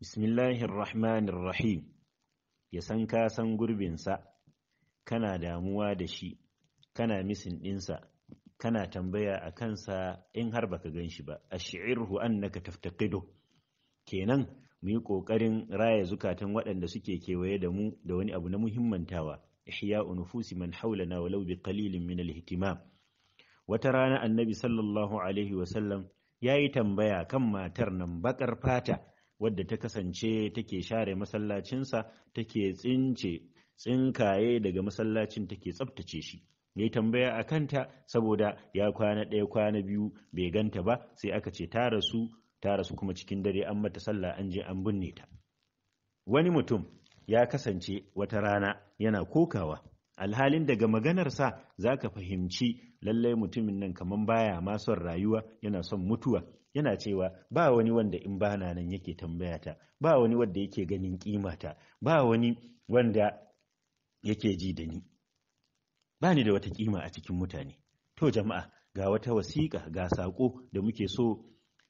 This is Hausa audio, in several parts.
bismillahir rahmanir rahim ya san ka san gurbinsa kana damuwa da shi kana misin ɗinsa kana tambaya a kansa in har baka gan shi ba A ash'irhu annaka taftaqidu kenan mu yi ƙoƙarin raya zukatan waɗanda suke kewaye da mu da wani abu na muhimmantawa ihya'u nufusi man haulana walau bi qalilin min al-ihtimam wata rana annabi sallallahu alaihi sallam, ya yi tambaya kan matar nan bakar fata wadda ta kasance take share masallacinsa take tsince tsinkaye daga masallacin take tsabtace shi ya yi tambaya a kanta saboda ya kwana ɗaya kwana biyu bai ganta ba sai aka ce ta rasu ta rasu kuma cikin dare an mata sallah an je an binne ta wani mutum ya kasance wata rana yana kokawa alhalin daga maganarsa za ka fahimci lallai mutumin nan kamar baya ma son rayuwa yana son mutuwa yana cewa ba wani wanda in bana nan yake tambayata ba wani wanda yake ganin kimata ba wani wanda yake ji da ni ba ni da wata kima a cikin mutane to jama'a ga wata wasiƙa ga saƙo da muke so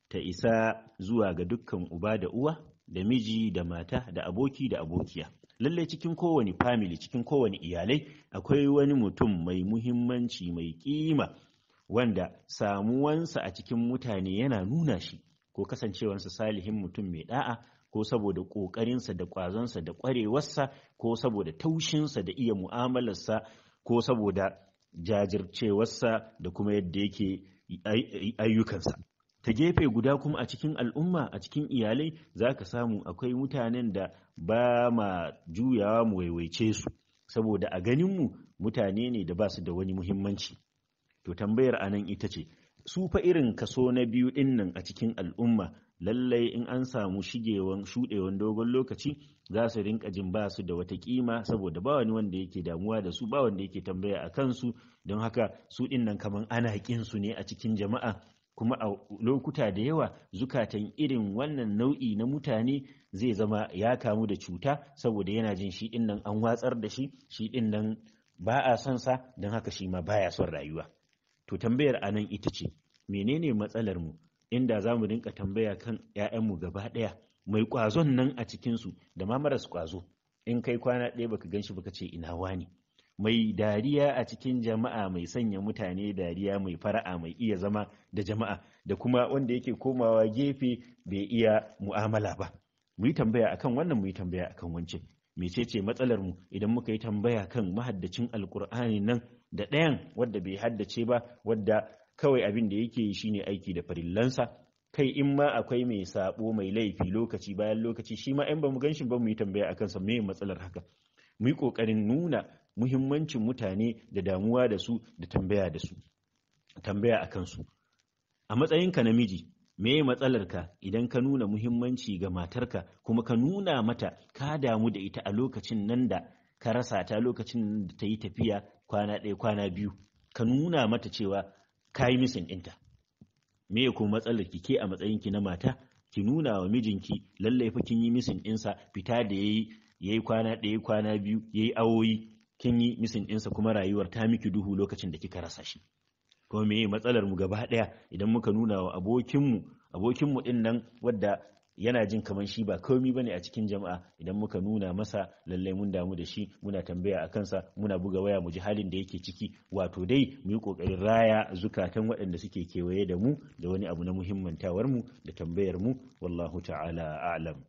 ta isa zuwa ga dukkan uba da uwa da miji da mata da aboki da abokiya lallai cikin kowane family cikin kowane iyalai akwai wani mutum mai muhimmanci mai kima wanda samuwansa a cikin mutane yana nuna shi ko kasancewansa salihin mutum mai da'a ko saboda ƙoƙarinsa da ƙwazonsa da ƙwarewarsa ko saboda taushinsa da iya mu'amalarsa ko saboda jajircewarsa da kuma yadda yake ayyukansa ta gefe guda kuma a cikin al'umma a cikin iyalai za ka samu akwai mutanen da ba ma juyawa mu waiwaice su saboda a ganinmu mutane ne da ba su da wani muhimmanci to tambayar a nan ita ce su fa irin kaso na biyu din nan a cikin al'umma lallai in an samu shigewan shudewan dogon lokaci za su rinka jin ba su da wata kima saboda ba wani wanda yake damuwa da su ba wanda yake tambaya a kansu don haka su din nan kaman ana kin su ne a cikin jama'a kuma a lokuta da yawa zukatan irin wannan nau'i na mutane zai zama ya kamu da cuta saboda yana jin shi din an watsar da shi shi din nan ba a son sa don haka shi ma baya son rayuwa to tambayar a nan ita ce menene matsalar mu inda za mu rinka tambaya kan 'ya'yanmu gaba ɗaya mai ƙwazon nan a cikinsu da ma maras kwazo in kai kwana ɗaya baka gan shi baka ce ina wani mai dariya a cikin jama'a mai sanya mutane dariya mai fara'a mai iya zama da jama'a da kuma wanda yake komawa gefe bai iya mu'amala ba mu yi tambaya akan wannan mu yi tambaya akan wancan mecece matsalar mu idan muka yi tambaya kan mahaddacin alkur'ani nan da ɗayan wadda bai haddace ba wadda kawai abin da yake yi shine aiki da farillansa kai in ma akwai mai sabo mai laifi lokaci bayan lokaci shi ma 'yan ba mu ba mu yi tambaya akan sa me matsalar haka mu yi kokarin nuna muhimmancin mutane da damuwa da su da tambaya da su tambaya akan su a matsayinka namiji me matsalarka idan ka nuna muhimmanci ga matarka kuma ka nuna mata ka damu da ita a lokacin nan da ka rasa ta lokacin da ta yi tafiya kwana ɗaya kwana biyu ka nuna mata cewa ka yi misin ɗinta me kuma matsalar ki ke a matsayin ki na mata ki nuna wa mijinki lallai fa kin yi misin ɗinsa fita da ya yi kwana ɗaya kwana biyu ya yi awoyi kin yi misin ɗinsa kuma rayuwar ta miki duhu lokacin da kika rasa shi kuma me matsalar mu gaba ɗaya idan muka nuna wa abokinmu abokinmu ɗin nan wadda yana jin kamar shi ba komi bane a cikin jama'a idan muka nuna masa lallai mun damu da shi muna tambaya a kansa muna buga waya mu ji halin da yake ciki wato dai mu yi kokarin raya zukatan waɗanda suke kewaye da mu da wani abu na muhimmantawar mu da tambayar mu wallahu ta'ala a'lam